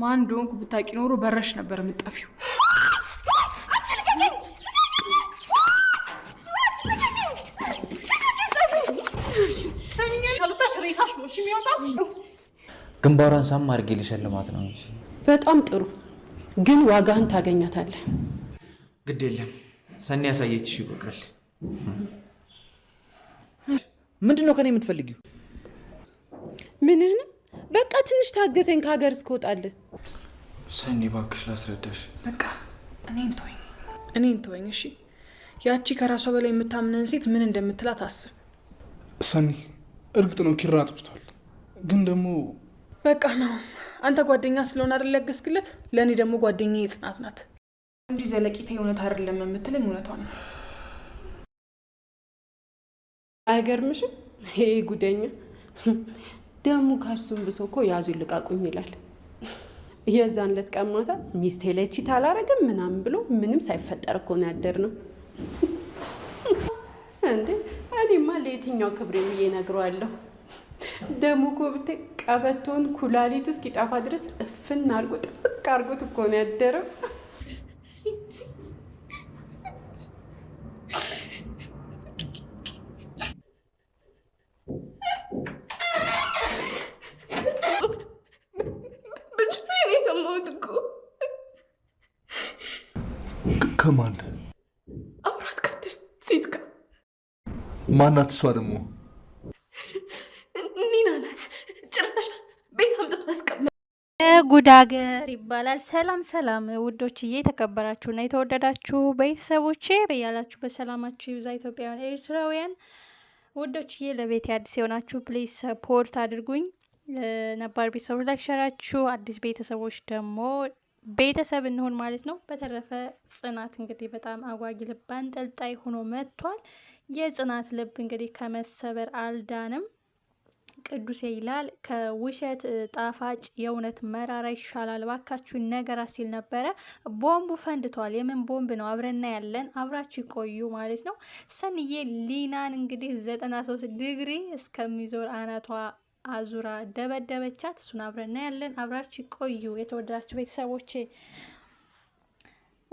ማን እንደሆንኩ ብታውቂ ኖሮ በረሽ ነበር የምጠፊው። ግንባሯን ሳም አድርጌ ልሸልማት ነው እንጂ። በጣም ጥሩ ግን ዋጋህን ታገኛታለህ። ግድ የለም ሰኔ ያሳየችሽ ይበቃል። ምንድን ነው ከኔ የምትፈልጊው? ምንህንም በቃ ትንሽ ታገሰኝ ከሀገር እስከወጣል። ሰኒ እባክሽ ላስረዳሽ። በቃ እኔን ተወኝ፣ እኔን ተወኝ። እሺ ያቺ ከራሷ በላይ የምታምነን ሴት ምን እንደምትላት አስብ። ሰኒ እርግጥ ነው ኪራ አጥፍቷል፣ ግን ደግሞ በቃ ነው አንተ ጓደኛ ስለሆነ አይደል ያገዝክለት። ለእኔ ደግሞ ጓደኛ የጽናት ናት እንጂ ዘለቂታ እውነት አይደለም የምትለኝ እውነቷ ነው። አይገርምሽም? ይሄ ጉደኛ ደሙ ከሱም ብሶ እኮ ያዙ ልቃቁም ይላል። የዛን ዕለት ቀን ማታ ሚስቴ ላይ ቺት አላረግም ምናምን ብሎ ምንም ሳይፈጠር እኮ ነው ያደር ነው እንዴ። እኔማ ለየትኛው ክብሬ ብዬ አለሁ ደሙ እኮ ብታይ ቀበቶን ኩላሊቱ እስኪጠፋ ድረስ እፍን አርጎ ጥብቅ አርጎት እኮ ነው ያደረው። ከማን አብራት ካደር ሴት ጋር ማናት? እሷ ደግሞ ኒና ናት። ጭራሽ ቤት አምጥቶ አስቀመጠ። ጉዳገር ይባላል። ሰላም ሰላም ውዶችዬ፣ የተከበራችሁና የተወደዳችሁ ቤተሰቦቼ በያላችሁ በሰላማችሁ ይብዛ። ኢትዮጵያውያን ኤርትራውያን ውዶችዬ፣ ለቤት አዲስ የሆናችሁ ፕሊዝ ሰፖርት አድርጉኝ። ነባር ቤተሰቦች ላይክ ሸራችሁ፣ አዲስ ቤተሰቦች ደግሞ ቤተሰብ እንሆን ማለት ነው። በተረፈ ጽናት እንግዲህ በጣም አጓጊ ልብ አንጠልጣይ ሆኖ መጥቷል። የጽናት ልብ እንግዲህ ከመሰበር አልዳንም። ቅዱሴ ይላል ከውሸት ጣፋጭ የእውነት መራራ ይሻላል ባካችሁ ነገር ሲል ነበረ። ቦምቡ ፈንድቷል። የምን ቦምብ ነው? አብረና ያለን አብራችሁ ይቆዩ ማለት ነው። ሰንዬ ሊናን እንግዲህ ዘጠና ሶስት ዲግሪ እስከሚዞር አናቷ አዙራ ደበደበቻት። እሱን አብረን እናያለን። አብራችሁ ቆዩ የተወደዳችሁ ቤተሰቦቼ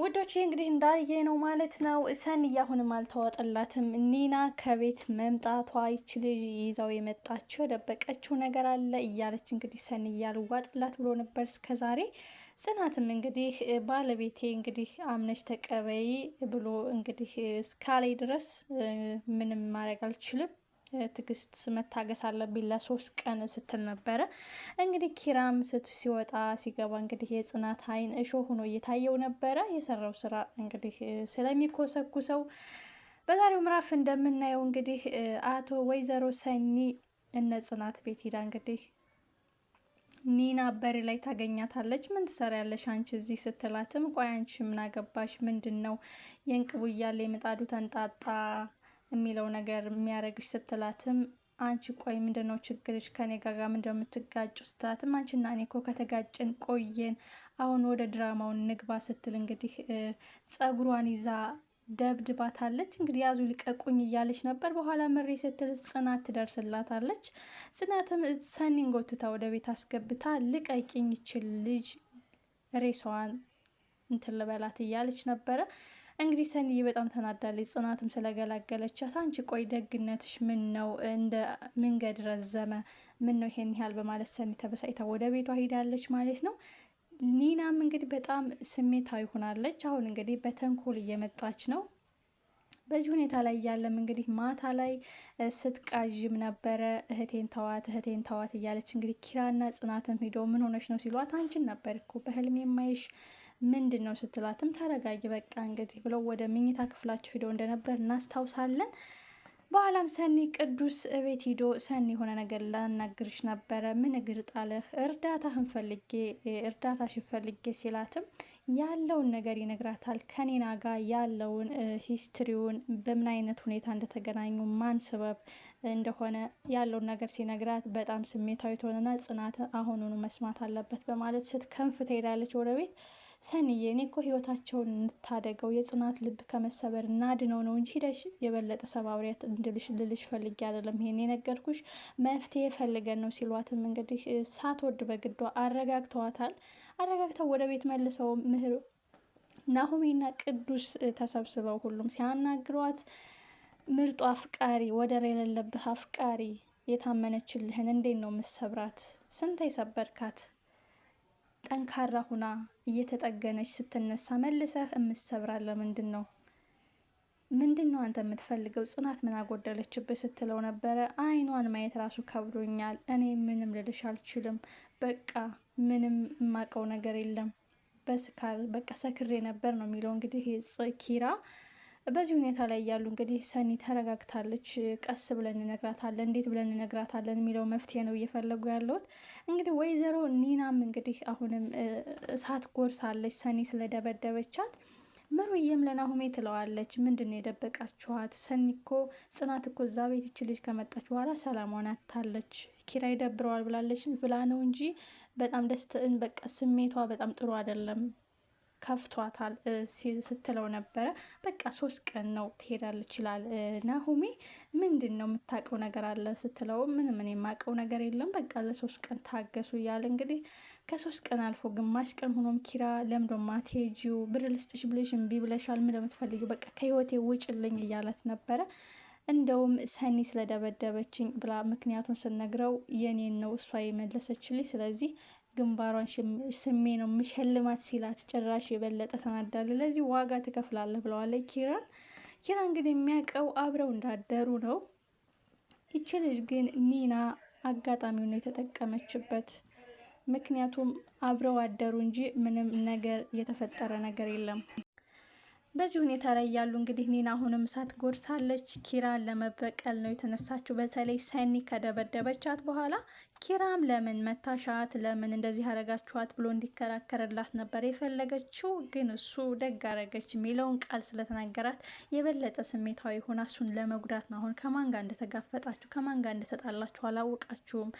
ውዶች እንግዲህ እንዳየ ነው ማለት ነው። ሰኒ አሁንም አልተዋጠላትም። ኒና ከቤት መምጣቷ ይች ልጅ ይዛው የመጣችው የደበቀችው ነገር አለ እያለች እንግዲህ ሰንዬ እያልዋጥላት ብሎ ነበር እስከዛሬ። ጽናትም እንግዲህ ባለቤቴ እንግዲህ አምነች ተቀበይ ብሎ እንግዲህ እስካላይ ድረስ ምንም ማድረግ አልችልም ትግስት መታገስ አለብኝ ለሶስት ቀን ስትል ነበረ። እንግዲህ ኪራም ስቱ ሲወጣ ሲገባ እንግዲህ የጽናት አይን እሾ ሆኖ እየታየው ነበረ። የሰራው ስራ እንግዲህ ስለሚኮሰኩሰው በዛሬው ምዕራፍ እንደምናየው እንግዲህ አቶ ወይዘሮ ሰኒ እነ ጽናት ቤት ሂዳ እንግዲህ ኒና በር ላይ ታገኛታለች። ምን ያለሽ አንቺ እዚህ ስትላትም ቆይ አንቺ ምን አገባሽ? ምንድን ነው የእንቅቡ እያለ የምጣዱ ተንጣጣ የሚለው ነገር የሚያደርግሽ ስትላትም አንቺ ቆይ ምንድነው ችግርሽ? ከኔ ጋጋ ምንድነው የምትጋጩ? ስትላትም አንቺና እኔ ኮ ከተጋጨን ቆየን፣ አሁን ወደ ድራማውን ንግባ ስትል እንግዲህ ጸጉሯን ይዛ ደብድባታለች። እንግዲህ ያዙ ልቀቁኝ እያለች ነበር። በኋላ ምሬ ስትል ጽናት ትደርስላታለች። ጽናትም ሰኒን ጎትታ ወደ ቤት አስገብታ ልቀቂኝ፣ ይችል ልጅ ሬሷዋን እንትን ልበላት እያለች ነበረ። እንግዲህ ሰኒዬ በጣም ተናዳለች። ጽናትም ስለገላገለቻት አንቺ ቆይ ደግነትሽ ምን ነው እንደ መንገድ ረዘመ ምን ነው ይሄን ያህል በማለት ሰኒ ተበሳጭታ ወደ ቤቷ ሂዳለች ማለት ነው። ኒናም እንግዲህ በጣም ስሜታዊ ሆናለች። አሁን እንግዲህ በተንኮል እየመጣች ነው። በዚህ ሁኔታ ላይ እያለም እንግዲህ ማታ ላይ ስትቃዥም ነበረ። እህቴን ተዋት እህቴን ተዋት እያለች እንግዲህ ኪራና ጽናትም ሂዶ ምን ሆነች ነው ሲሏት አንቺን ነበር እኮ በህልም የማይሽ ምንድን ነው ስትላትም ተረጋጊ በቃ እንግዲህ ብለው ወደ ምኝታ ክፍላቸው ሂደው እንደነበር እናስታውሳለን። በኋላም ሰኒ ቅዱስ ቤት ሂዶ ሰኒ የሆነ ነገር ላናግርሽ ነበረ፣ ምን እግር ጣለህ? እርዳታ ንፈልጌ እርዳታ ፈልጌ ሲላትም ያለውን ነገር ይነግራታል። ከኔና ጋር ያለውን ሂስትሪውን በምን አይነት ሁኔታ እንደተገናኙ ማን ስበብ እንደሆነ ያለውን ነገር ሲነግራት በጣም ስሜታዊ ትሆንና ጽናት አሁኑኑ መስማት አለበት በማለት ስትከንፍ ትሄዳለች ወደ ቤት። ሰኒዬ እኔ እኮ ህይወታቸውን እንድታደገው የጽናት ልብ ከመሰበር እናድነው ነው እንጂ ሂደሽ የበለጠ ሰባብሪያት እንድልሽ ልልሽ ፈልጌ አይደለም ይሄን የነገርኩሽ መፍትሄ ፈልገን ነው ሲሏትም እንግዲህ ሳትወድ በግዷ አረጋግተዋታል። አረጋግተው ወደ ቤት መልሰው ምህር ናሆሜና ቅዱስ ተሰብስበው ሁሉም ሲያናግሯት ምርጡ አፍቃሪ ወደር የሌለብህ አፍቃሪ የታመነችልህን እንዴት ነው ምሰብራት? ስንት የሰበርካት ጠንካራ ሁና እየተጠገነች ስትነሳ መልሰህ እምትሰብራ ለምንድን ነው? ምንድን ነው አንተ የምትፈልገው? ጽናት ምን አጎደለችብህ ስትለው ነበረ። አይኗን ማየት ራሱ ከብዶኛል። እኔ ምንም ልልሽ አልችልም። በቃ ምንም የማውቀው ነገር የለም። በስካር በቃ ሰክሬ ነበር ነው የሚለው እንግዲህ ኪራ በዚህ ሁኔታ ላይ እያሉ እንግዲህ ሰኒ ተረጋግታለች። ቀስ ብለን እነግራታለን፣ እንዴት ብለን እነግራታለን የሚለው መፍትሄ ነው እየፈለጉ ያለሁት። እንግዲህ ወይዘሮ ኒናም እንግዲህ አሁንም እሳት ጎርሳለች ሰኒ ስለደበደበቻት ምሩዬም ለናሁሜ ትለዋለች፣ ምንድን ነው የደበቃችኋት? ሰኒ እኮ ጽናት እኮ እዛ ቤት ይች ልጅ ከመጣች በኋላ ሰላሟን አታለች፣ ኪራይ ደብረዋል ብላለች ብላ ነው እንጂ በጣም ደስትን በቃ ስሜቷ በጣም ጥሩ አይደለም ከፍቷታል ስትለው ነበረ። በቃ ሶስት ቀን ነው ትሄዳል ይችላል ናሁሜ። ምንድን ነው የምታውቀው ነገር አለ ስትለው፣ ምን ምን የማውቀው ነገር የለም በቃ ለሶስት ቀን ታገሱ እያለ እንግዲህ ከሶስት ቀን አልፎ ግማሽ ቀን ሆኖም ኪራ ለምዶ ማቴጂው ብር ልስጥሽ ብለሽ እምቢ ብለሻል፣ ምን እንደምትፈልጊው በቃ ከህይወቴ ውጭልኝ እያላት ነበረ። እንደውም ሰኒ ስለደበደበችኝ ብላ ምክንያቱን ስነግረው የኔን ነው እሷ የመለሰችልኝ ስለዚህ ግንባሯን ስሜ ነው ምሸልማት ሲላት ጭራሽ የበለጠ ተናዳለ። ለዚህ ዋጋ ትከፍላለህ ብለዋለች ኪራን። ኪራ ግን የሚያውቀው አብረው እንዳደሩ ነው። ይች ልጅ ግን ኒና አጋጣሚው ነው የተጠቀመችበት። ምክንያቱም አብረው አደሩ እንጂ ምንም ነገር የተፈጠረ ነገር የለም። በዚህ ሁኔታ ላይ ያሉ እንግዲህ ኒና አሁንም እሳት ጎርሳለች። ኪራን ለመበቀል ነው የተነሳችው። በተለይ ሰኒ ከደበደበቻት በኋላ ኪራም ለምን መታሻት፣ ለምን እንደዚህ አረጋችኋት ብሎ እንዲከራከርላት ነበር የፈለገችው። ግን እሱ ደግ አረገች የሚለውን ቃል ስለተናገራት የበለጠ ስሜታዊ ሆና እሱን ለመጉዳት ነው። አሁን ከማን ጋር እንደተጋፈጣችሁ ከማን ጋር እንደተጣላችሁ አላወቃችሁም።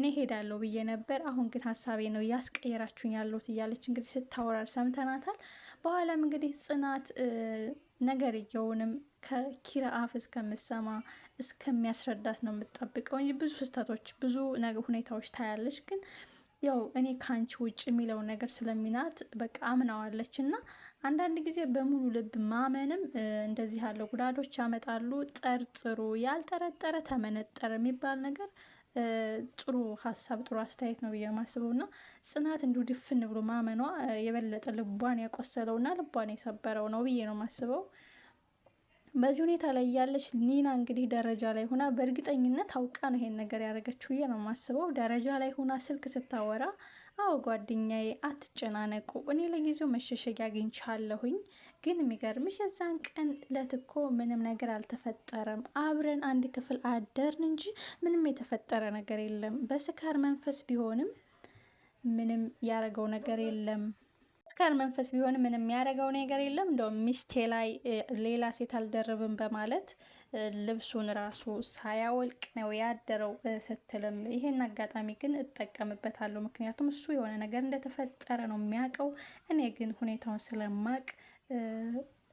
እኔ ሄዳለሁ ብዬ ነበር፣ አሁን ግን ሀሳቤ ነው ያስቀየራችሁኝ ያለሁት እያለች እንግዲህ ስታወራር ሰምተናታል። በኋላም እንግዲህ ጽናት ነገርየውንም ከኪራ አፍ እስከምሰማ እስከሚያስረዳት ነው የምጠብቀው እንጂ ብዙ ስህተቶች፣ ብዙ ሁኔታዎች ታያለች። ግን ያው እኔ ከአንቺ ውጭ የሚለውን ነገር ስለሚናት በቃ አምናዋለች። እና አንዳንድ ጊዜ በሙሉ ልብ ማመንም እንደዚህ ያለው ጉዳዶች ያመጣሉ። ጠርጥሩ፣ ያልጠረጠረ ተመነጠረ የሚባል ነገር ጥሩ ሀሳብ ጥሩ አስተያየት ነው ብዬ የማስበው እና ጽናት እንዲሁ ድፍን ብሎ ማመኗ የበለጠ ልቧን ያቆሰለው እና ልቧን የሰበረው ነው ብዬ ነው የማስበው። በዚህ ሁኔታ ላይ ያለች ኒና እንግዲህ ደረጃ ላይ ሆና በእርግጠኝነት አውቃ ነው ይሄን ነገር ያደረገችው ብዬ ነው የማስበው። ደረጃ ላይ ሆና ስልክ ስታወራ አዎ ጓደኛዬ አትጨናነቁ፣ እኔ ለጊዜው መሸሸጊያ አግኝቻለሁኝ። ግን የሚገርምሽ የዛን ቀን ለትኮ ምንም ነገር አልተፈጠረም። አብረን አንድ ክፍል አደርን እንጂ ምንም የተፈጠረ ነገር የለም። በስካር መንፈስ ቢሆንም ምንም ያደረገው ነገር የለም። ስካር መንፈስ ቢሆን ምን የሚያደርገው ነገር የለም። እንደውም ሚስቴ ላይ ሌላ ሴት አልደርብም በማለት ልብሱን ራሱ ሳያወልቅ ነው ያደረው ስትልም፣ ይሄን አጋጣሚ ግን እጠቀምበታለሁ። ምክንያቱም እሱ የሆነ ነገር እንደተፈጠረ ነው የሚያውቀው። እኔ ግን ሁኔታውን ስለማቅ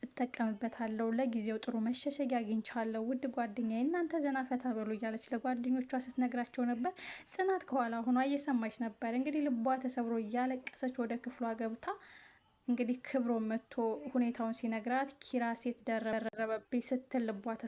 እጠቀምበታለሁ። ለጊዜው ጥሩ መሸሸጊያ አግኝቻለሁ። ውድ ጓደኛ እናንተ ዘና ፈታ በሉ እያለች ለጓደኞቿ ስትነግራቸው ነበር። ጽናት ከኋላ ሆኗ እየሰማች ነበር። እንግዲህ ልቧ ተሰብሮ እያለቀሰች ወደ ክፍሏ ገብታ እንግዲህ ክብሮ መጥቶ ሁኔታውን ሲነግራት ኪራ ሴት ደረበቤ ስትል ልቧ